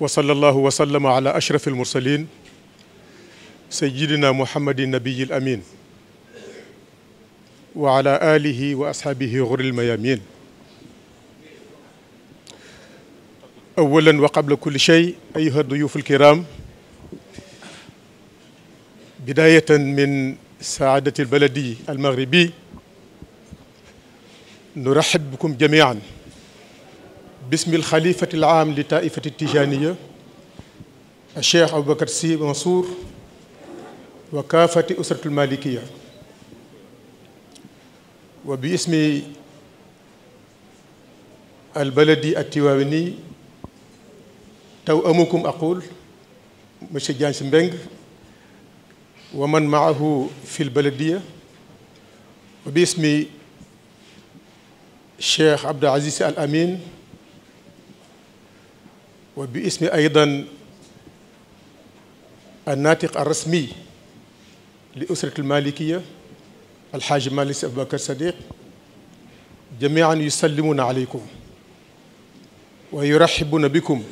وصلى الله وسلم على أشرف المرسلين سيدنا محمد النبي الأمين وعلى آله وأصحابه غر الميامين أولا وقبل كل شيء أيها الضيوف الكرام بداية من سعادة البلدي المغربي نرحب بكم جميعاً باسم الخليفة العام لطائفة التجانية الشيخ أبو بكر سي منصور وكافة أسرة المالكية وباسم البلدي التواوني توأمكم أقول مشي جانس Sy ومن معه في البلدية وباسم الشيخ عبد العزيز الأمين وباسم أيضا الناطق الرسمي لأسرة المالكية الحاج مالك أبو بكر صديق جميعا يسلمون عليكم ويرحبون بكم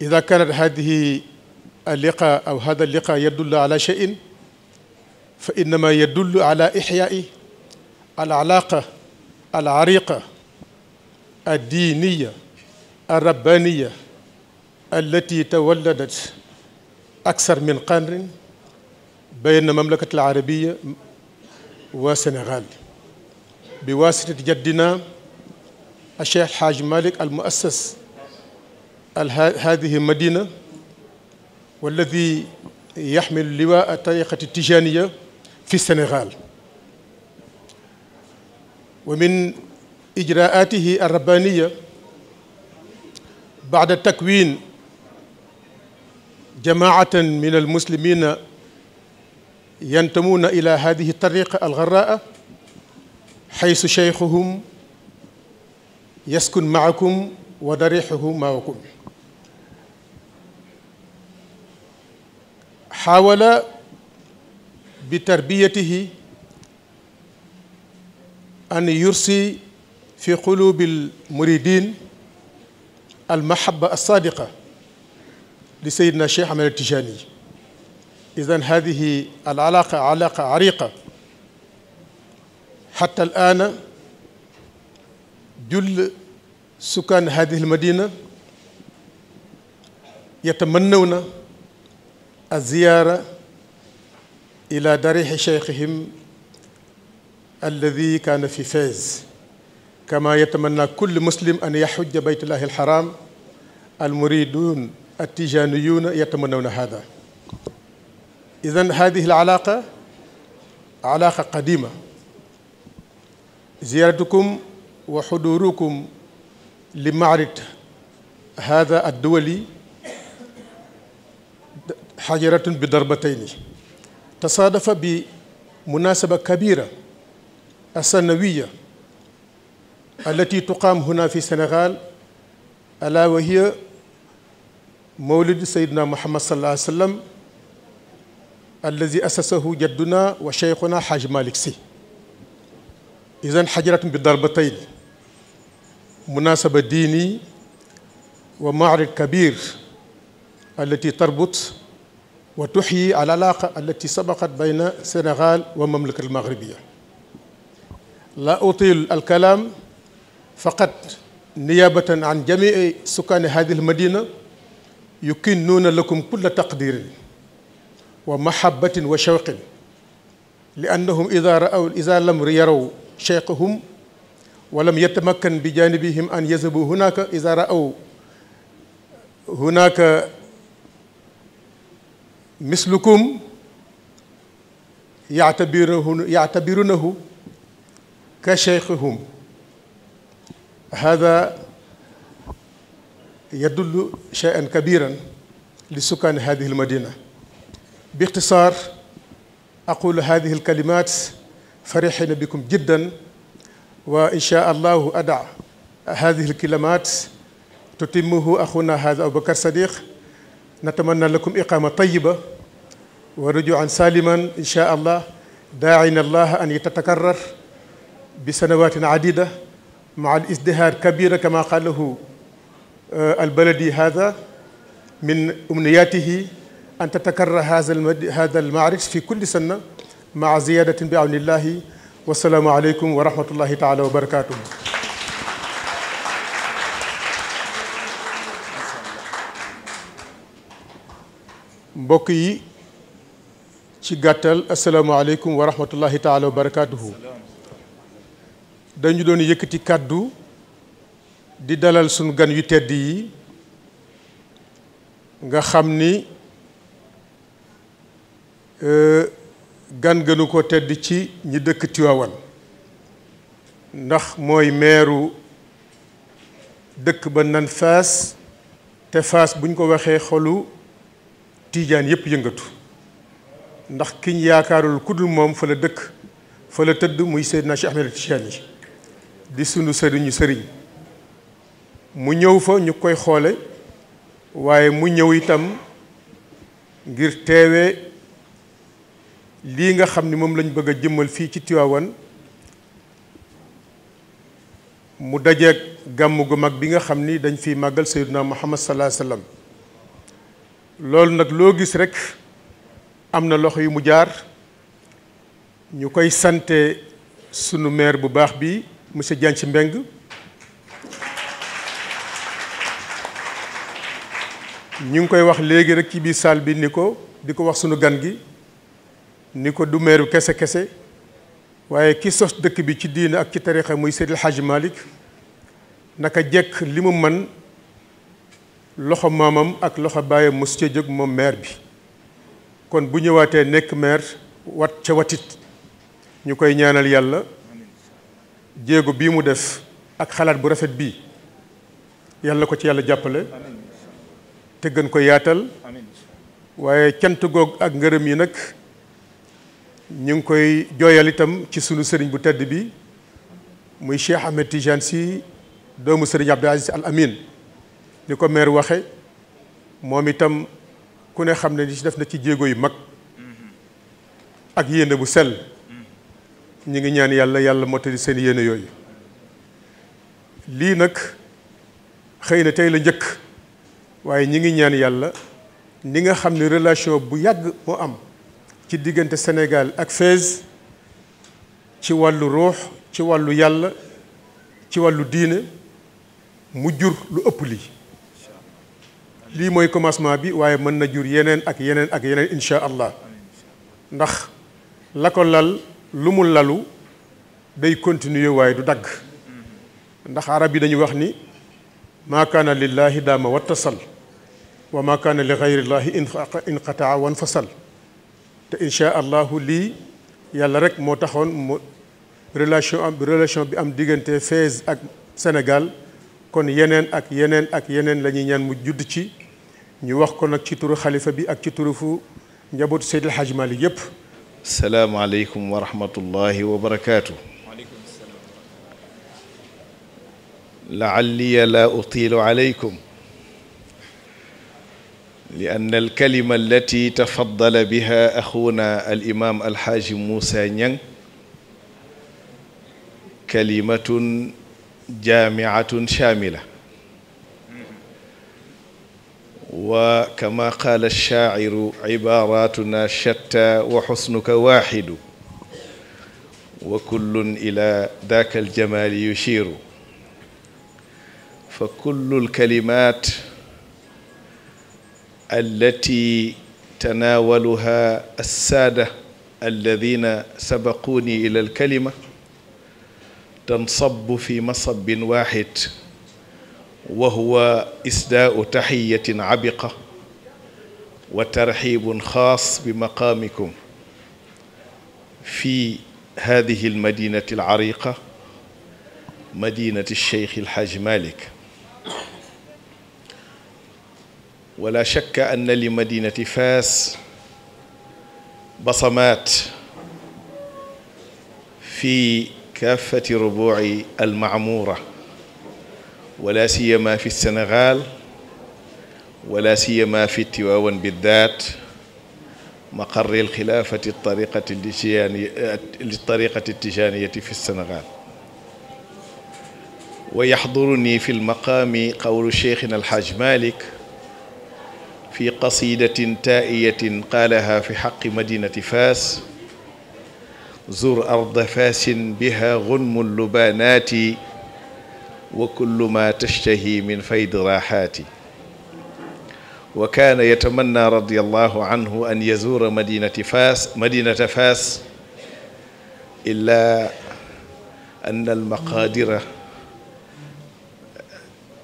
إذا كانت هذه اللقاء أو هذا اللقاء يدل على شيء فإنما يدل على إحياء العلاقة العريقة الدينية الربانية التي تولدت أكثر من قرن بين المملكة العربية والسنغال بواسطة جدنا الشيخ حاج مالك المؤسس هذه المدينة والذي يحمل لواء الطريقة التجانية في السنغال ومن إجراءاته الربانية بعد تكوين جماعة من المسلمين ينتمون إلى هذه الطريقة الغراء حيث شيخهم يسكن معكم وضريحه معكم حاول بتربيته أن يرسي في قلوب المريدين المحبة الصادقة لسيدنا الشيخ أحمد التجاني إذا هذه العلاقة علاقة عريقة حتى الآن جل سكان هذه المدينة يتمنون الزيارة إلى ضريح شيخهم الذي كان في فاز كما يتمنى كل مسلم أن يحج بيت الله الحرام المريدون التيجانيون يتمنون هذا إذا هذه العلاقة علاقة قديمة زيارتكم وحضوركم لمعرض هذا الدولي حجرة بضربتين تصادف بمناسبة كبيرة السنوية التي تقام هنا في السنغال ألا وهي مولد سيدنا محمد صلى الله عليه وسلم الذي أسسه جدنا وشيخنا حاج مالك سي إذن حجرة بضربتين مناسبة ديني ومعرض كبير التي تربط وتحيي العلاقة التي سبقت بين السنغال والمملكة المغربية لا أطيل الكلام فقط نيابة عن جميع سكان هذه المدينة يكنون لكم كل تقدير ومحبة وشوق لأنهم إذا رأوا إذا لم يروا شيخهم ولم يتمكن بجانبهم أن يذهبوا هناك إذا رأوا هناك مثلكم يعتبرونه يعتبرونه كشيخهم هذا يدل شيئا كبيرا لسكان هذه المدينة باختصار أقول هذه الكلمات فرحين بكم جدا وإن شاء الله أدع هذه الكلمات تتمه أخونا هذا أبو بكر صديق نتمنى لكم إقامة طيبة ورجوعا سالما إن شاء الله داعين الله أن يتتكرر بسنوات عديدة مع الازدهار كبيرة كما قاله آه، البلدي هذا من أمنياته أن تتكرر هذا هذا المعرج في كل سنة مع زيادة بعون الله والسلام عليكم ورحمة الله تعالى وبركاته بقي yi السلام عليكم ورحمة الله تعالى وبركاته dañu doon yëkkati kàddu di dalal sunu gan yu tedd yi nga xam ni euh, gan gënu ko tedd ci ñi dëkk Tiwaawan ndax mooy meeru dëkk ba nan Faas te Faas buñ ko waxee xolu tiijaan yëpp yëngatu ndax kiñ yaakaarul ku dul moom fa la dëkk fa la tëdd muy Seydina Cheikh Ahmed Tidiane yi di sunu sëriñu sëriñ mu ñëw fa ñu koy xoole waaye mu ñëw itam ngir teewe lii nga xam ni moom lañ bëgg a jëmmal fii ci Tiwaawan mu dajeeg gàmm gu mag bi nga xam ni dañ fiy màggal Seydina Muhammad salaa sallam loolu nag loo gis rekk am na loxo yu mu jaar ñu koy sante sunu meer bu baax bi monsieur Dianthi mbeng ñu ngi koy wax léegi rek ci biir saal bi ni ko di ko wax sunu gan gi ni ko du meeru kese kese waaye ki sos dëkk bi ci diine ak ci tarixa muy Seydil Hadji Malick naka jekk li mu man loxo maamam ak loxo bàyyam mos cee jóg moom maire bi kon bu ñëwaatee nekk maire wat ca watit ñu koy ñaanal yàlla jéego bii mu def ak xalaat bu rafet bii yàlla ko ci yàlla jàppale te gën ko yaatal waaye cant goog ak ngërëm yi nag ñu ngi koy jooyal itam ci sunu sëriñ bu tedd bi muy Cheikh Ahmed Tidiane Sy doomu sëriñ Abdou Aziz Al Amin ni ko maire waxe moom itam ku ne xam ne def na ci jéego yu mag ak yéene bu sell ñi ngi ñaan yàlla yàlla mottali seen yéene yooyu lii nag xëy na tey la njëkk waaye ñi ngi ñaan yàlla ni nga xam ne relation bu yàgg moo am ci diggante Sénégal ak Fès ci wàllu ruux ci wàllu yàlla ci wàllu diine mu jur lu ëpp lii lii mooy commencement bi waaye mën na jur yeneen ak yeneen ak yeneen incha allah ndax la ko lal lu mu lalu day continuer waaye du dagg ndax arab yi dañuy wax ni maa kaana lillaahi daama wattasal wa maa kaana li xayrillaahi inqataa wan fasal te insha allahu lii yàlla rek moo taxoon mu relation am relation bi am diggante Fès ak Sénégal kon yeneen ak yeneen ak yeneen la ñaan mu judd ci ñu wax ko nag ci turu xalifa bi ak ci turu fu njabootu Seydil Hadj Malick yépp السلام عليكم ورحمة الله وبركاته لعلي لا أطيل عليكم لأن الكلمة التي تفضل بها أخونا الإمام الحاج موسى نيان كلمة جامعة شاملة وكما قال الشاعر عباراتنا شتى وحسنك واحد وكل إلى ذاك الجمال يشير فكل الكلمات التي تناولها السادة الذين سبقوني إلى الكلمة تنصب في مصب واحد وهو إسداء تحية عبقة وترحيب خاص بمقامكم في هذه المدينة العريقة مدينة الشيخ الحاج مالك ولا شك أن لمدينة فاس بصمات في كافة ربوع المعمورة ولا سيما في السنغال ولا سيما في تواون بالذات مقر الخلافة الطريقة للطريقة التجانية في السنغال ويحضرني في المقام قول شيخنا الحاج مالك في قصيدة تائية قالها في حق مدينة فاس زر أرض فاس بها غنم اللبانات وكل ما تشتهي من فيض راحاتي وكان يتمنى رضي الله عنه أن يزور مدينة فاس مدينة فاس إلا أن المقادر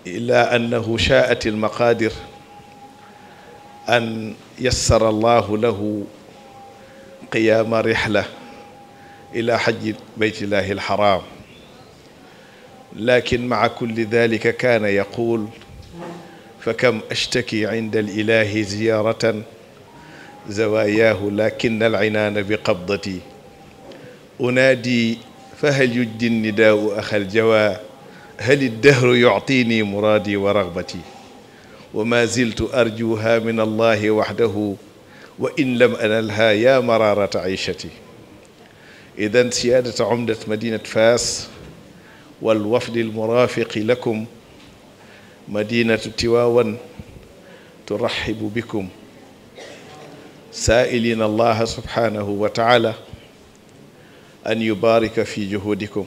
إلا أنه شاءت المقادر أن يسر الله له قيام رحلة إلى حج بيت الله الحرام لكن مع كل ذلك كان يقول فكم أشتكي عند الإله زيارة زواياه لكن العنان بقبضتي أنادي فهل يجدي النداء أخ الجوى هل الدهر يعطيني مرادي ورغبتي وما زلت أرجوها من الله وحده وإن لم أنلها يا مرارة عيشتي إذا سيادة عمدة مدينة فاس والوفد المرافق لكم مدينة تواون ترحب بكم سائلين الله سبحانه وتعالى أن يبارك في جهودكم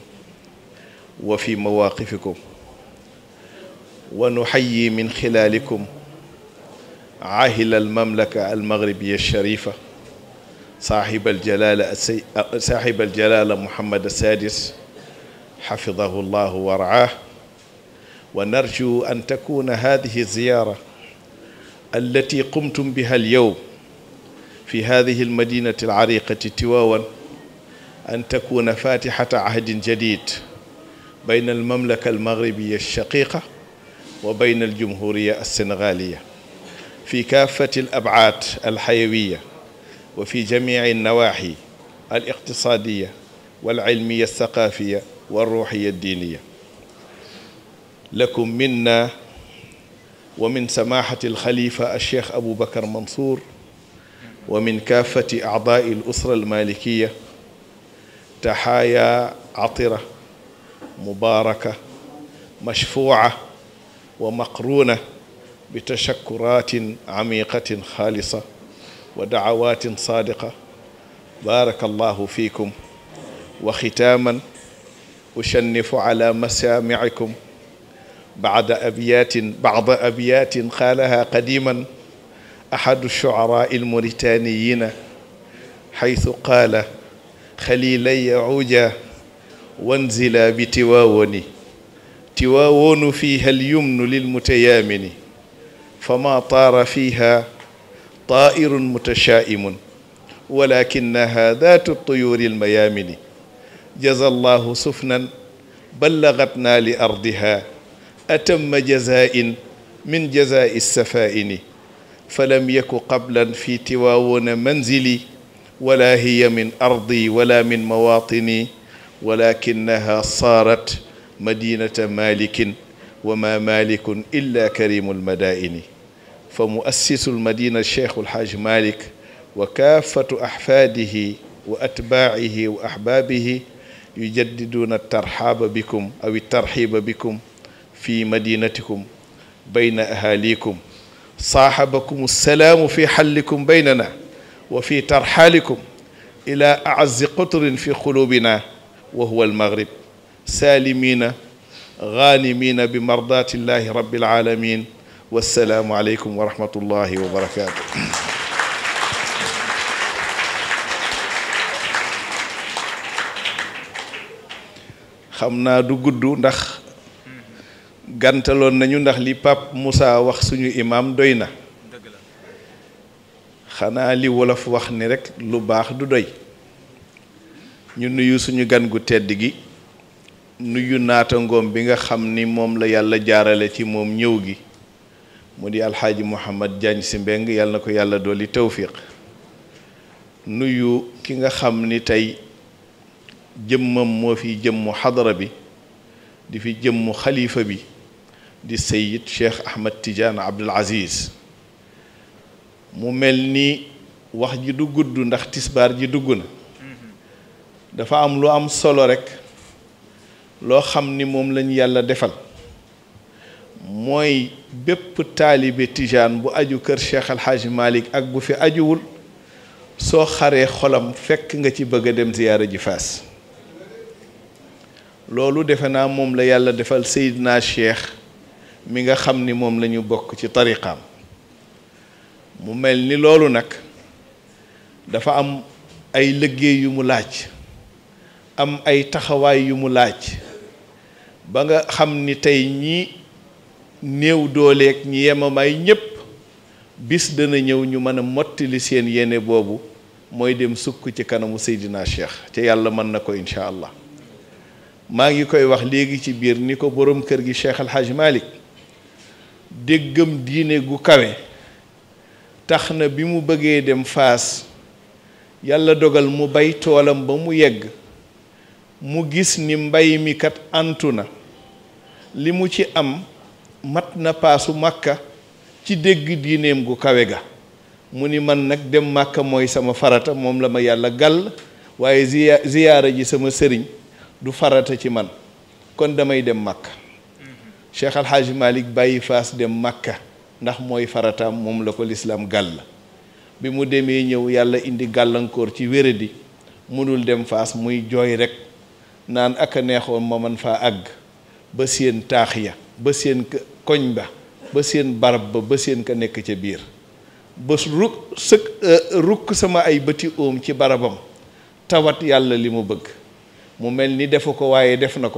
وفي مواقفكم ونحيي من خلالكم عاهل المملكة المغربية الشريفة صاحب الجلالة, صاحب الجلالة محمد السادس حفظه الله ورعاه ونرجو أن تكون هذه الزيارة التي قمتم بها اليوم في هذه المدينة العريقة تواوا أن تكون فاتحة عهد جديد بين المملكة المغربية الشقيقة وبين الجمهورية السنغالية في كافة الأبعاد الحيوية وفي جميع النواحي الاقتصادية والعلمية الثقافية والروحية الدينية لكم منا ومن سماحة الخليفة الشيخ أبو بكر منصور ومن كافة أعضاء الأسرة المالكية تحايا عطرة مباركة مشفوعة ومقرونة بتشكرات عميقة خالصة ودعوات صادقة بارك الله فيكم وختاما أشنف على مسامعكم بعد أبيات بعض أبيات قالها قديما أحد الشعراء الموريتانيين حيث قال خليلي عوجا وانزلا بتواوني تواون فيها اليمن للمتيامن فما طار فيها طائر متشائم ولكنها ذات الطيور الميامن جزى الله سفنا بلغتنا لأرضها أتم جزاء من جزاء السفائن فلم يك قبلا في تواون منزلي ولا هي من أرضي ولا من مواطني ولكنها صارت مدينة مالك وما مالك إلا كريم المدائن فمؤسس المدينة الشيخ الحاج مالك وكافة أحفاده وأتباعه وأحبابه يجددون الترحاب بكم أو الترحيب بكم في مدينتكم بين أهاليكم صاحبكم السلام في حلكم بيننا وفي ترحالكم إلى أعز قطر في قلوبنا وهو المغرب سالمين غانمين بمرضاة الله رب العالمين والسلام عليكم ورحمة الله وبركاته xamna du gudd ndax gantalon nañu ndax li pap Moussa wax suñu imam doyna xana li wolof wax ni rek lu bax du doy ñu nuyu suñu gan gu tedd gi nuyu naata ngom bi nga xamni mom la yalla jaarale ci mom ñew gi mudi al muhammad jagn simbeng yalla nako yalla ko tawfiq nuyu ki nga xamni tay. jëmmam moo fi jëmmu xadara bi di fi jëmmu xalifa bi di sayid cheikh ahmad tidiane abdul aziz mu mel ni wax ji du gudd ndax tisbaar ji dugg na dafa am lu am solo rekk loo xam ni moom lañu yàlla defal mooy bépp taalibe tijaan bu aju kër cheikh alxaaji malik ak bu fi ajuwul soo xaree xolam fekk nga ci bëgg a dem ziyaara ji faas lolou defena mom la yàlla defal sayyidina Cheikh mi nga xamni mom lañu bok ci tariqam mu melni lolou nak dafa am ay liggey yu mu laaj am ay taxaway yu mu laaj ba nga xamni tay ñi new dolek ñi yemamaay ñep bis dana ñëw ñu mëna a li seen yene bobu moy dem sukk ci kanamu sayyidina Cheikh te yàlla man nako inshallah maa ngi koy wax léegi ci biir ni ko boroom kër gi Cheikh Al Hadj Malick déggam diine gu kawe tax na bi mu bëggee dem faas yàlla dogal mu bay toolam ba mu yegg mu gis ni mbay mi kat antu na li mu ci am mat na paasu màkka ci dégg diineem gu kawe ga mu ni man nag dem màkka mooy sama farata moom la ma yàlla gàll waaye ziyaara ji sama sëriñ du farata ci man kon damay dem màkka cheikh alhaaji malik bàyyi faas dem màkk ndax mooy farataam moom la ko lislaam gàll bi mu demee ñëw yàlla indi gàllankoor ci wéradi mënul dem faas muy jooy rekk naan ak a neexoon ma man faa àgg ba seen taax ya ba seen koñ ba ba seen barab ba ba seen ka nekk ca biir ba rukk euh, rukk sama ay bëti oom ci barabam tawat yàlla li mu bëgg mu mel ni defu ko def na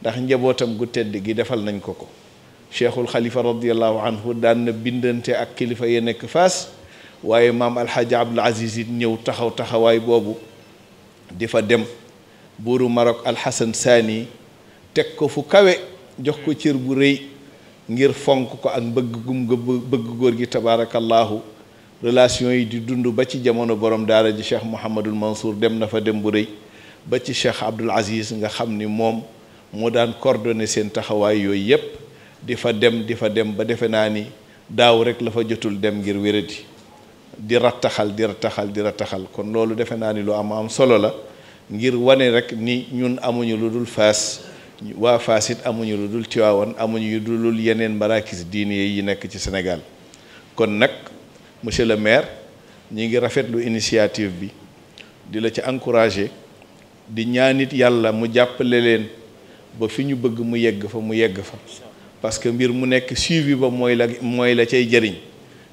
ndax njabotam gu tedd gi defal nañ ko ko cheikhul khalifa radiyallahu anhu dan na bindante ak kilifa ya nekk faas waaye maam alxaaji abdul aziz ñëw taxaw taxaway bobu difa fa dem buuru Maroc alxasan sani tek ko fu kawe jox ko cër bu reey ngir fonk ko ak bëgg gum bëgg góor gi tabarakallah relation yi di dundu ba ci jamono borom daara ji cheikh mouhamadul mansour dem na fa dem bu reey ba ci Cheikh abdul Aziz nga xamni mom mo daan coordonner sen taxaway yoy yep di dem di dem ba defenaani daw rek la fa jotul dem ngir wéradi di rattaxal di rattaxal di rattaxal kon lolu defenaani ni lu am am solo la ngir wane rek ni ñun amuñu lu fas wa fasit amuñu lu dul amuñu lu yenen barakis diine yi nekk ci Sénégal kon nak monsieur le maire ñi ngi rafetlu initiative bi di la ci encourager di ñaanit yalla mu jappale len ba fiñu bëgg mu yegg fa mu yegg fa parce que mbir mu nekk suivi ba moy la moy la cey jëriñ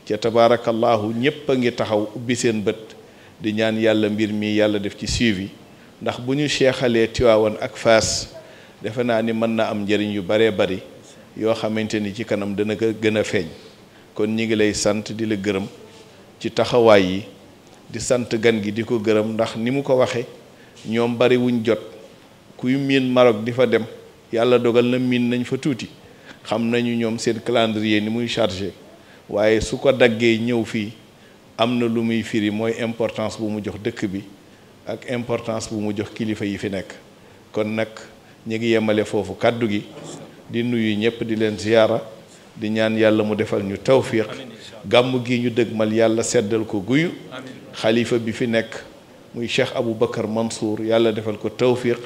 ci tabarakallah ñepp nga taxaw ubbi seen bëtt di ñaan yalla mbir mi yalla def ci suivi ndax buñu xéxalé seexalee ak faas na ni mën na am jëriñ yu bare bare yo xamanteni ci kanam dana ko gëna feñ kon ñi ngi lay sante di la gërëm ci taxaway yi di sante gan gi di ko gërëm ndax ni mu ko waxe ñoom bari jot kuy miin Maroc di fa dem yàlla dogal na miin nañ fa tuuti xam nañu ñoom seen calendrier ni muy chargé waaye su ko daggee ñëw fii am na lu muy firi mooy importance bu mu jox dëkk bi ak importance bu mu jox kilifa yi fi nekk kon nag ñu ngi yemale foofu kàddu gi di nuyu ñëpp di leen ziyaara di ñaan yàlla mu defal ñu tawfiq gàmm gi ñu dëgmal yàlla seddal ko guyu xalifa bi fi nekk muy cheikh bakkar Mansour yàlla defal ko tawfiq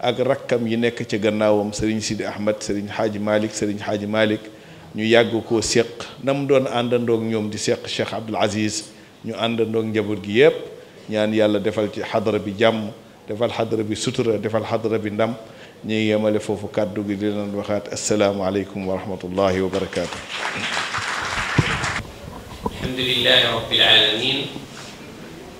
ak rakam yi nek ci gannaawam sëriñ Sidi Ahmed sëriñ Xaaji malik sëriñ Xaaji malik ñu yag ko sekk nam mu doon àndandoog ñom di sekk cheikh abdul Aziz ñu àndandoog njaboot gi yeb ñaan yàlla defal ci hadra bi jam defal hadra bi sutura defal hadra bi ndam ñi yemale fofu kàddu gi di waxat assalamu alaykum wa rahmatullahi wa الحمد لله رب العالمين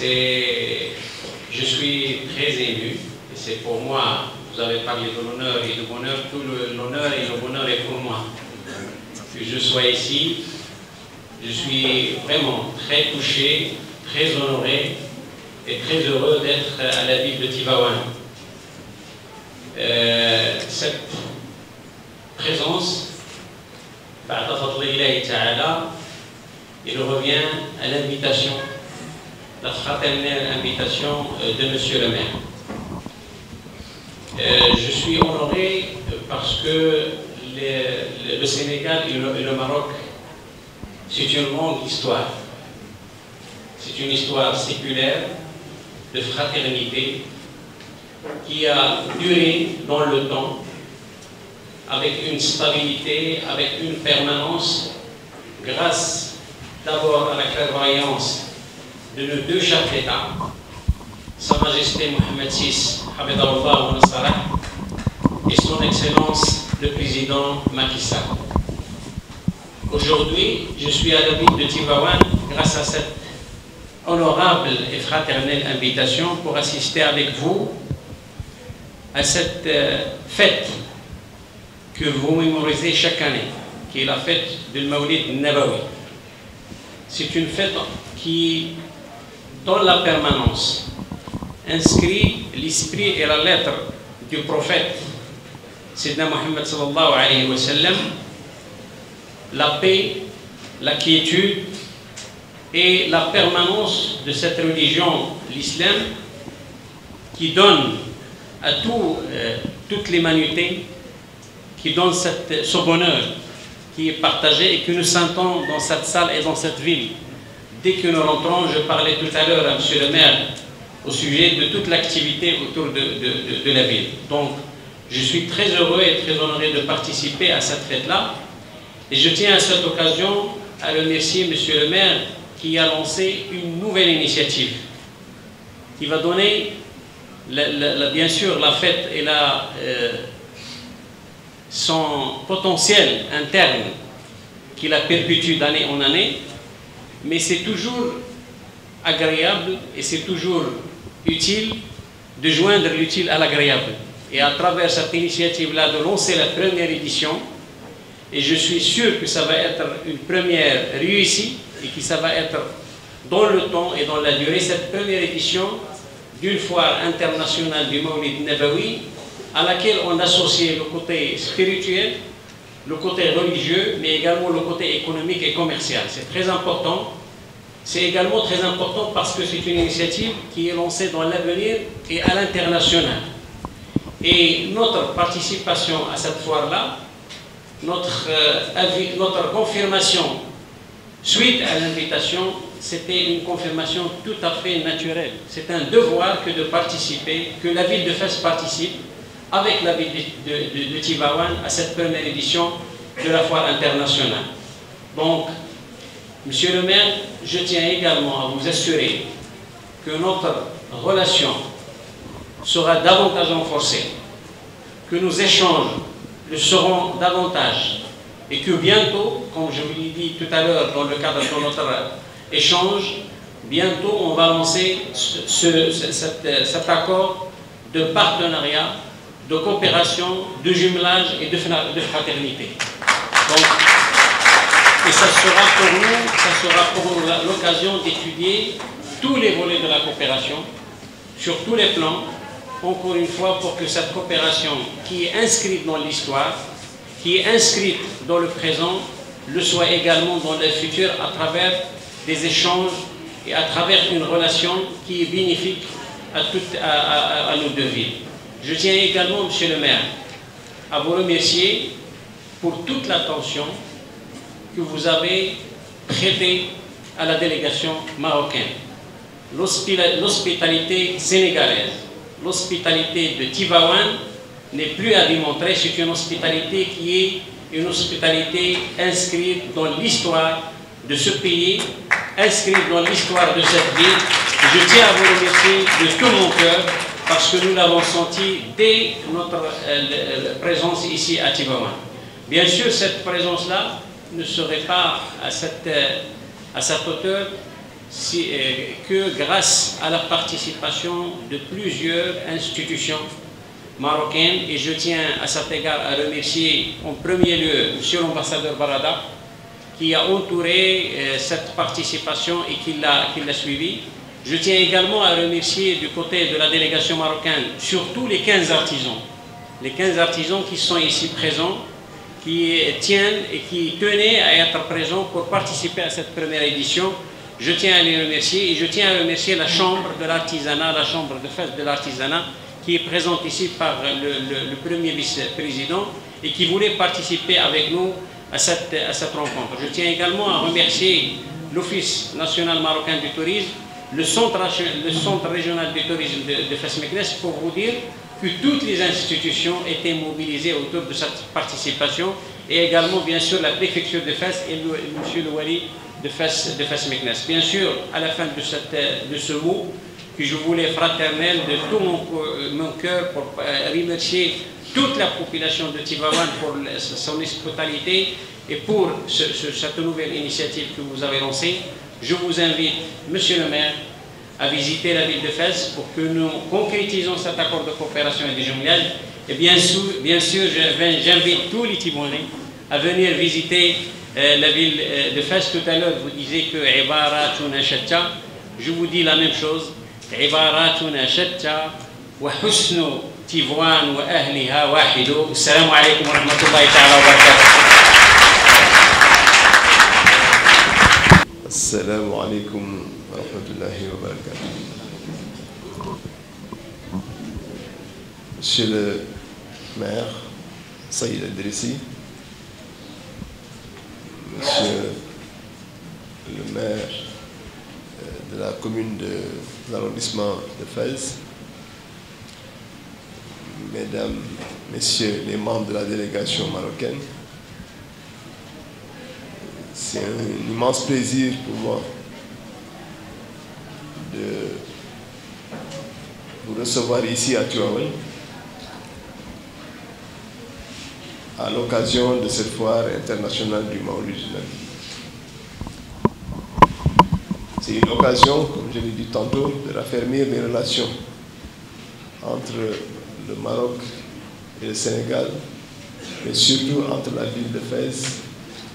Je suis très ému. C'est pour moi, vous avez parlé de l'honneur et du bonheur, tout l'honneur et le bonheur est pour moi. Que je sois ici, je suis vraiment très touché, très honoré et très heureux d'être à la ville de tibawan euh, cette présence, il revient à l'invitation la fraternelle invitation euh, de Monsieur le maire. Euh, je suis honoré euh, parce que le Sénégal et le, et le Maroc, c'est une longue histoire. C'est une histoire séculaire de fraternité qui a duré dans le temps avec une stabilité, avec une permanence, grâce d'abord à la clairvoyance de nos deux chefs d'État, Sa Majesté Mohamed VI, Habibullah et Son Excellence le Président Macky Aujourd'hui, je suis à la ville de Tibawan grâce à cette honorable et fraternelle invitation pour assister avec vous à cette euh, fête que vous mémorisez chaque année, qui est la fête du Mawlid Nabawi. C'est une fête qui dans la permanence, inscrit l'esprit et la lettre du prophète Sidna Muhammad la paix, la quiétude et la permanence de cette religion, l'islam, qui donne à tout, toutes euh, toute l'humanité, qui donne ce bonheur qui est partagé et que nous sentons dans cette salle et dans cette ville dès que nous rentrons, je parlais tout à l'heure à M. le maire au sujet de toute l'activité autour de, la ville. Donc, je suis très heureux et très honoré de participer à cette fête-là. Et je tiens à cette occasion à remercier, Monsieur le maire, qui a lancé une nouvelle initiative qui va donner, bien sûr, la fête et euh, son potentiel interne qui la perpétue d'année en année, mais c'est toujours agréable et c'est toujours utile de joindre l'utile à l'agréable. Et à travers cette initiative-là de lancer la première édition, et je suis sûr que ça va être une première réussie et que ça va être dans le temps et dans la durée, cette première édition d'une foire internationale du Maulid Nabawi à laquelle on associait le côté spirituel, le côté religieux, mais également le côté économique et commercial. C'est très important. C'est également très important parce que c'est une initiative qui est lancée dans l'avenir et à l'international. Et notre participation à cette foire-là, notre, euh, notre confirmation suite à l'invitation, c'était une confirmation tout à fait naturelle. C'est un devoir que de participer, que la ville de Fès participe avec la ville de, de, à cette première édition de la foire internationale. Donc, Monsieur le maire, je tiens également à vous assurer que notre relation sera davantage renforcée, que nos échanges le seront davantage et que bientôt, comme je vous l'ai dit tout à l'heure dans le cadre de notre échange, bientôt on va lancer euh, cet accord de partenariat de coopération, de jumelage et de, fraternité. et ça sera pour nous, ça sera pour l'occasion d'étudier tous les volets de la coopération, sur tous les plans, encore une fois pour que cette coopération qui est inscrite dans l'histoire, qui est inscrite dans le présent, le soit également dans le futur à travers des échanges et à travers une relation qui est bénéfique à, toutes, à nos deux villes. Je tiens également, Monsieur le maire, à vous remercier pour toute l'attention que vous avez prêtée à la délégation marocaine. L'hospitalité sénégalaise, l'hospitalité de Tivawan n'est plus à démontrer, c'est une hospitalité qui est une hospitalité inscrite dans l'histoire de ce pays, inscrite dans l'histoire de cette ville. Je tiens à vous remercier de tout mon cœur parce que nous l'avons senti dès notre euh, euh, présence ici à Tibawan. Bien sûr, cette présence-là ne serait pas à cette, euh, à cette hauteur que grâce à la participation de plusieurs institutions marocaines. et je tiens à cet égard à remercier en premier lieu M. l'ambassadeur Barada qui a entouré cette participation et qui l'a suivie je tiens également à remercier du côté de la délégation marocaine, surtout les 15 artisans, les 15 artisans qui sont ici présents, qui tiennent et qui tenaient à être présents pour participer à cette première édition. Je tiens à les remercier et je tiens à remercier la Chambre de l'artisanat, la Chambre de fête de l'artisanat, qui est présente ici par le, premier vice-président et qui voulait participer avec nous à cette, à cette rencontre. Je tiens également à remercier l'Office national marocain du tourisme, le centre, régional du tourisme de, de pour vous dire que toutes les institutions étaient mobilisées autour de cette participation et également, bien sûr, la préfecture de Fes et M. monsieur le Wali de fes de Bien sûr, à la fin de, ce mot, que je voulais fraternel de tout mon, euh, cœur pour euh, remercier toute la population de Tivawan pour son hospitalité et pour cette nouvelle initiative que vous avez lancée. Je vous invite, Monsieur le maire, à visiter la ville de Fès pour que nous concrétisions cet accord de coopération et de jumelage. Et bien sûr, bien sûr j'invite tous les Tibonais à venir visiter euh, la ville euh, de Fès. Tout à l'heure, vous disiez que Je vous dis la même chose. Ibaratuna Shatta wa Husnu wa Assalamu alaikum wa alaikum wa rahmatullahi wa monsieur le maire Saïd Adressi, monsieur le maire euh, de la commune de l'arrondissement de Fès mesdames messieurs les membres de la délégation marocaine c'est un immense plaisir pour moi de vous recevoir ici à Tuaoué à l'occasion de cette foire internationale du Maoulid C'est une occasion, comme je l'ai dit tantôt, de raffermir les relations entre le Maroc et le Sénégal, et surtout entre la ville de Fès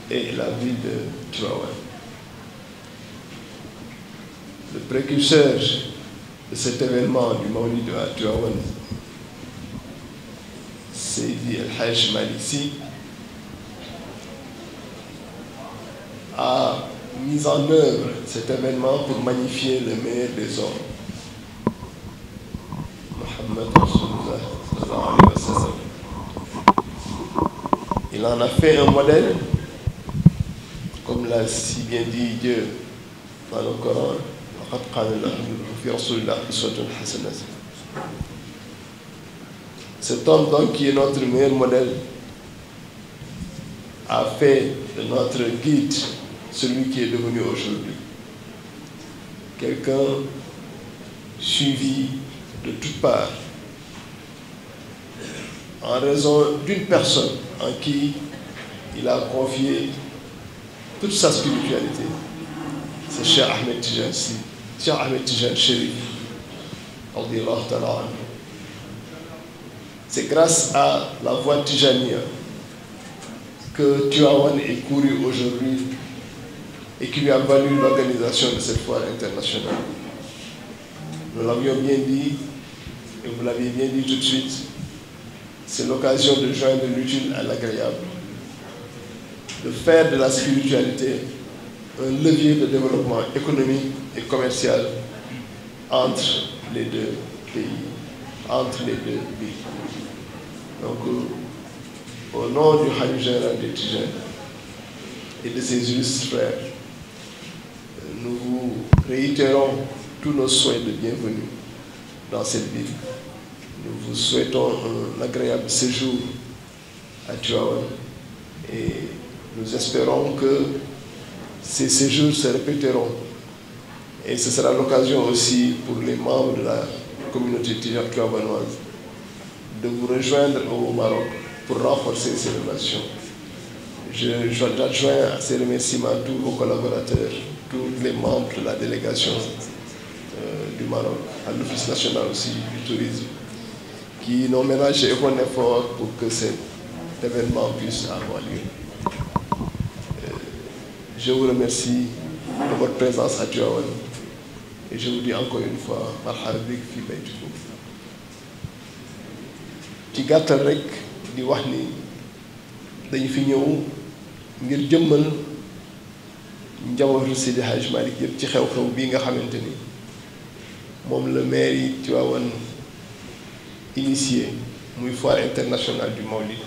et la vie de Traoré. Le précurseur de cet événement du Maoli de Traoré, c'est El-Hajj Malissi, a mis en œuvre cet événement pour magnifier le meilleur des hommes. Il en a fait un modèle si bien dit Dieu dans le Coran, cet homme donc qui est notre meilleur modèle a fait de notre guide celui qui est devenu aujourd'hui. Quelqu'un suivi de toutes parts en raison d'une personne en qui il a confié toute sa spiritualité. C'est cher Ahmed Tijan, Cher Ahmed Tijan chéri. C'est grâce à la voix Tijania que Tuawan est couru aujourd'hui et qui lui a valu l'organisation de cette foire internationale. Nous l'avions bien dit, et vous l'aviez bien dit tout de suite, c'est l'occasion de joindre l'utile à l'agréable de faire de la spiritualité un levier de développement économique et commercial entre les deux pays, entre les deux villes Donc, euh, au nom du Khalif de et de ses illustres frères, euh, nous vous réitérons tous nos souhaits de bienvenue dans cette ville. Nous vous souhaitons un agréable séjour à Tuaouane et nous espérons que ces séjours se répéteront. Et ce sera l'occasion aussi pour les membres de la communauté tuavanoise de vous rejoindre au Maroc pour renforcer ces relations. Je, à ces remerciements tous vos collaborateurs, tous les membres de la délégation euh, du Maroc, à l'Office national aussi du tourisme, qui n'ont ménagé aucun effort pour que cet événement puisse avoir lieu. Je vous remercie de votre présence à Tuawan. Et je vous dis encore une fois, marhabik fi baytikum. ci gàttal rek di wax ni dañu fi ñëw ngir jëmmal njabootu Seydi Haj Malick yëpp ci xew-xew bii nga xamante ni moom le maire yi initié muy foire internationale du Mali.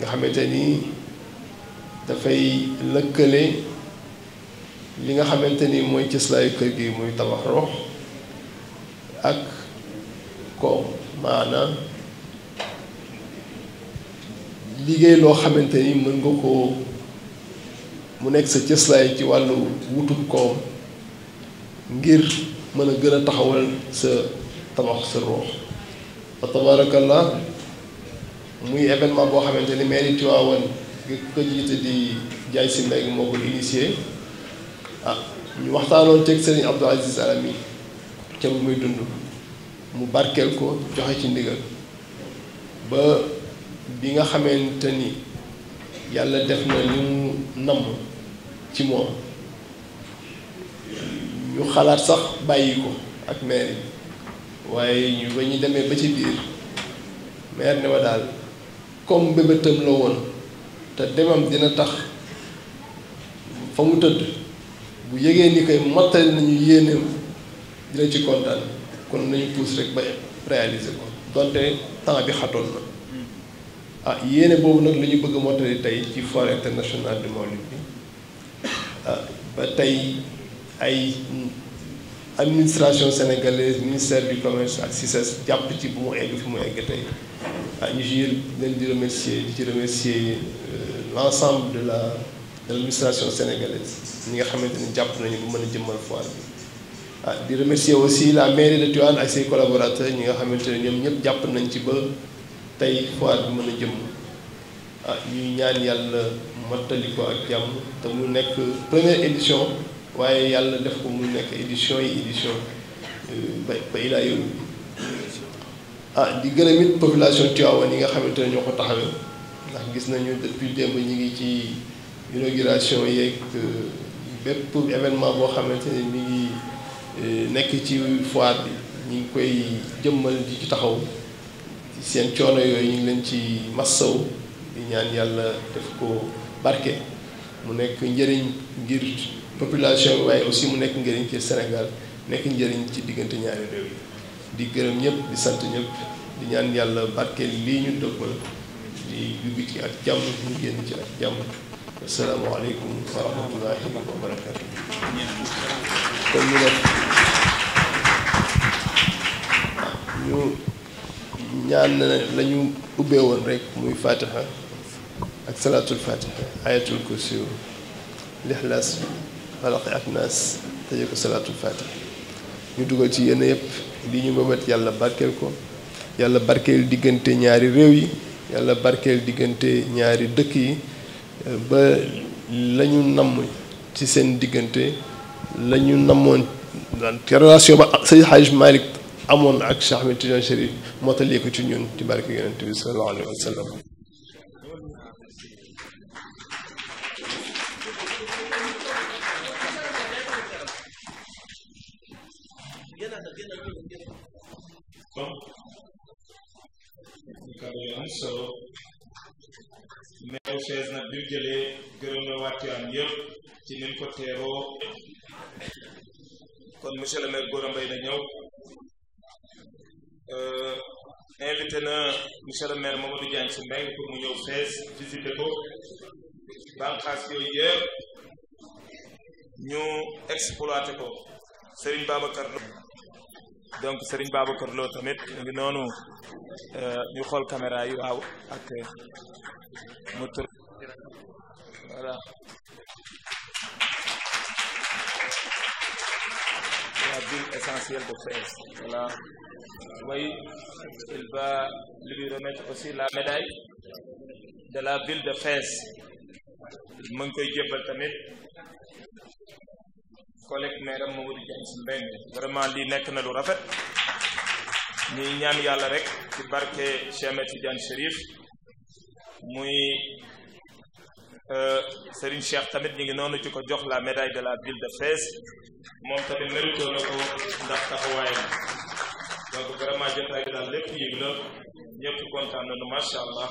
nga dafay lëkkale li nga xamante ni mooy cëslaayu kër gi muy tabax ruux ak koom maana liggéey loo xamante ni mën nga ko mu nekk sa cëslaay ci wàllu wutum koom ngir mën a gën a taxawal sa tabax sa ruux fa tabarakallah muy événement boo xamante ni mairie Tivaouane ki ko jiite di jaay si mbeg moo ko initié ah ñu waxtaanoon teg sëriñ Abdou Aziz Alami ca bu muy dund mu barkeel ko joxe ci ndigal ba bi nga xamante ni yàlla def na li mu namm ci moom ñu xalaat sax bàyyi ko ak maire yi waaye ñu ba ñu demee ba ci biir maire ne wa daal comme bébétam la woon te demam dina tax fa mu tëdd bu yëgee ni koy mottali nañu yéeneem dina ci kontaan kon nañu puus rek ba réaliser ko donte temps bi xatoon na ah yéene boobu nag la ñu bëgg mottali tey ci foire internationale du Mawlid bi ah, ba tey ay administration sénégalaise ministère du commerce ak CICES jàpp ci bu mu egg fi mu egg tey ñu ci leen di remercier di remercier euh, l'ensemble de la de l'administration sénégalaise ñi nga xamante ni jàpp nañu bu mën a jëmmal foire bi ah, di remercier aussi la mairie de Tivaouane ak ses collaborateurs ñi nga xamante ne ñoom ñëpp jàpp nañ ci ba tey foire bi mën a jëmm ah ñuy ñaan yàlla mottali ko ak jàmm te mu nekk première édition waaye yàlla def ko mu nekk édition yi édition euh, ba ba ilaa yow ah di gërëm it population Tivaouane ni nga xamante ne ñoo ko taxawee ndax gis nañu depuis démb ñu ngi ci inauguration yeeg euh, bépp événement boo xamante ne ni ngi euh, nekk ci foire bi ñu ngi koy jëmmal di ci taxaw seen coono yooyu ñu ngi leen ci massaw di ñaan yàlla def ko barke mu nekk njëriñ ngir population waaye aussi mu nekk njëriñ ci Sénégal nekk njëriñ ci diggante ñaari réew yi. di gërëm ñëpp di sant ñëpp di ñaan yàlla barkeel lii ñu dëbbal di juggi ci ak jàmm ñu génn ci ak jàmm asalaamaaleykum wa rahmatullahi wa barakaatu kon ñu def ñu ñaan na ubbee woon rekk muy fatiha ak salaatul fatiha ayatul kursi lixlaas falaqi ak naas tëje ko salaatul fatiha ñu dugal ci yenn yëpp li ñu mëbët yàlla barkeel ko yàlla barkeel diggante ñaari réew yi yàlla barkeel diggante ñaari dëkk yi ba la namm ci seen diggante lañu ñu nammoon ci relation ba Seydi Hadj Malick amoon ak Cheikh Ahmed Tidiane Chérif mottali ko ci ñun ci barke yonent bi sallallahu alayhi wa Tiwaawan so maire Chaise nag bi mu jëlee na waa Tiwaawan yëpp ci ni ko teeroo kon monsieur le maire Gora Mbaye na ñëw euh, invité na monsieur le maire Mamadou Diagne su Mbengue pour mu ñëw Chaise visité ko banqaas yooyu yëpp ñu exploité ko Serigne Babacar Lo donc Serigne Babacar Lo tamit mu ngi noonu euh, ñu xool caméra yi waaw ak euh, mu tur voilà la bulle essentielle de Fès voilà oui il va lui remettre aussi la médaille de la ville de Fès mu koy jébbal tamit collègue maire am Mamadou James Mbeng vraiment lii nekk na lu rafet ñuy ñaan yàlla rek ci barke Cheikh Ahmed Tidiane Chérif muy euh, Serigne Cheikh tamit ñu ngi noonu ci ko jox la médaille de la ville de Fès moom tamit mérito na ko ndax taxawaayam donc vraiment jotaay daal lépp yëg la ñëpp kontaan nañu macha allah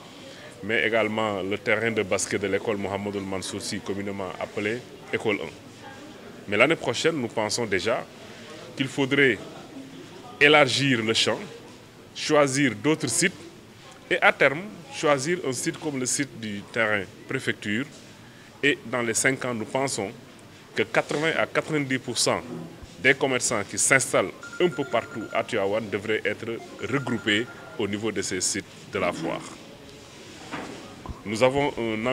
mais également le terrain de basket de l'école Oulman Mansourci, communément appelé École 1. Mais l'année prochaine, nous pensons déjà qu'il faudrait élargir le champ, choisir d'autres sites et à terme, choisir un site comme le site du terrain préfecture. Et dans les 5 ans, nous pensons que 80 à 90% des commerçants qui s'installent un peu partout à Tiawan devraient être regroupés au niveau de ces sites de la foire. Nous avons un,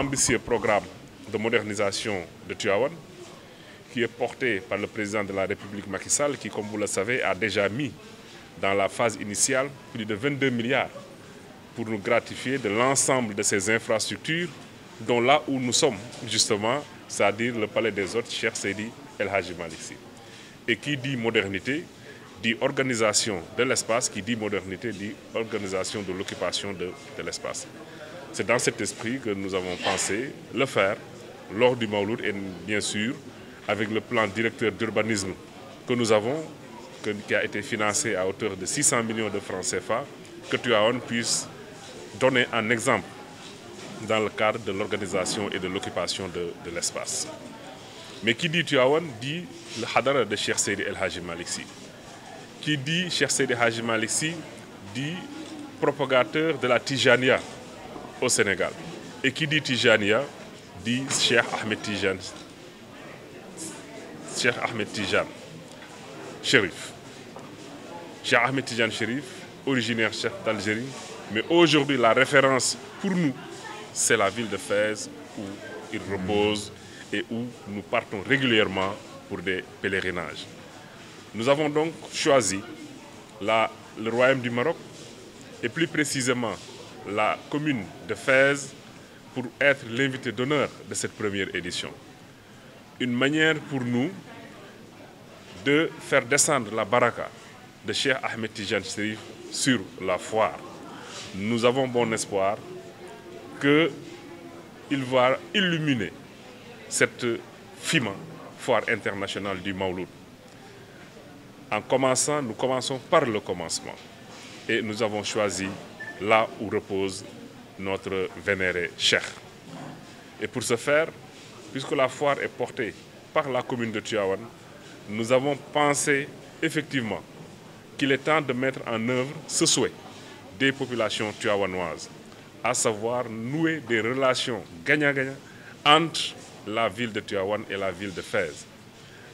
ambitieux programme de modernisation de Tuawan qui est porté par le président de la République Macky Sall qui, comme vous le savez, a déjà mis dans la phase initiale plus de 22 milliards pour nous gratifier de l'ensemble de ces infrastructures dont là où nous sommes justement, c'est-à-dire le palais des autres, cher Sedi El Hajimal ici, Et qui dit modernité, dit organisation de l'espace, qui dit modernité, dit organisation de l'occupation de l'espace. C'est dans cet esprit que nous avons pensé le faire lors du Mauloud et bien sûr avec le plan directeur d'urbanisme que nous avons, qui a été financé à hauteur de 600 millions de francs CFA, que Tuaon puisse donner un exemple dans le cadre de l'organisation et de l'occupation de, l'espace. Mais qui dit Tuaon dit le hadar de Cheikh Seyd El Hajim Qui dit Cheikh El Hajim dit propagateur de la Tijania, au Sénégal. Et qui dit Tijania dit Cheikh Ahmed Tijan. Cheikh Ahmed Tijan, shérif. Cheikh Ahmed originaire chef d'Algérie, mais aujourd'hui la référence pour nous, c'est la ville de Fès où il repose hmm. et où nous partons régulièrement pour des pèlerinages. Nous avons donc choisi la, le royaume du Maroc et plus précisément la commune de Fès pour être l'invité d'honneur de cette première édition. Une manière pour nous de faire descendre la baraka de Cheikh Ahmed Tijan sur la foire. Nous avons bon espoir qu'il va illuminer cette FIMA, Foire internationale du Maouloud. En commençant, nous commençons par le commencement. Et nous avons choisi là où repose notre vénéré Cheikh. Et pour ce faire, puisque la foire est portée par la commune de Tiawan, nous avons pensé effectivement qu'il est temps de mettre en œuvre ce souhait des populations tiawanoises, à savoir nouer des relations gagnant-gagnant entre la ville de Tiawan et la ville de Fès.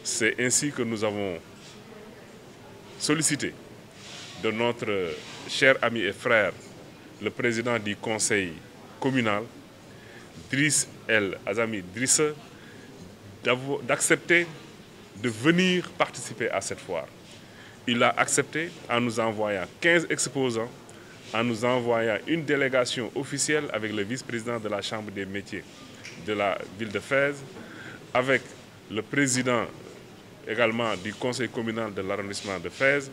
C'est ainsi que nous avons sollicité de notre cher ami et frère le président du conseil communal, Driss El Azami Drisse, d'accepter de venir participer à cette foire. Il a accepté en nous envoyant 15 exposants, en nous envoyant une délégation officielle avec le vice-président de la Chambre des métiers de la ville de Fès, avec le président également du conseil communal de l'arrondissement de Fès,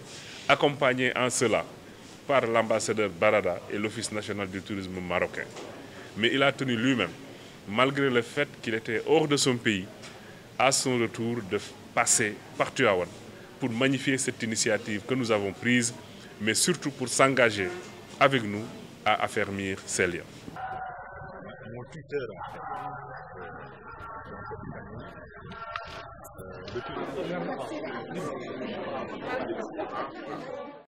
accompagné en cela par l'ambassadeur Barada et l'Office national du tourisme marocain. Mais il a tenu lui-même, malgré le fait qu'il était hors de son pays, à son retour de passer par Tuawan pour magnifier cette initiative que nous avons prise, mais surtout pour s'engager avec nous à affermir ces liens. Euh,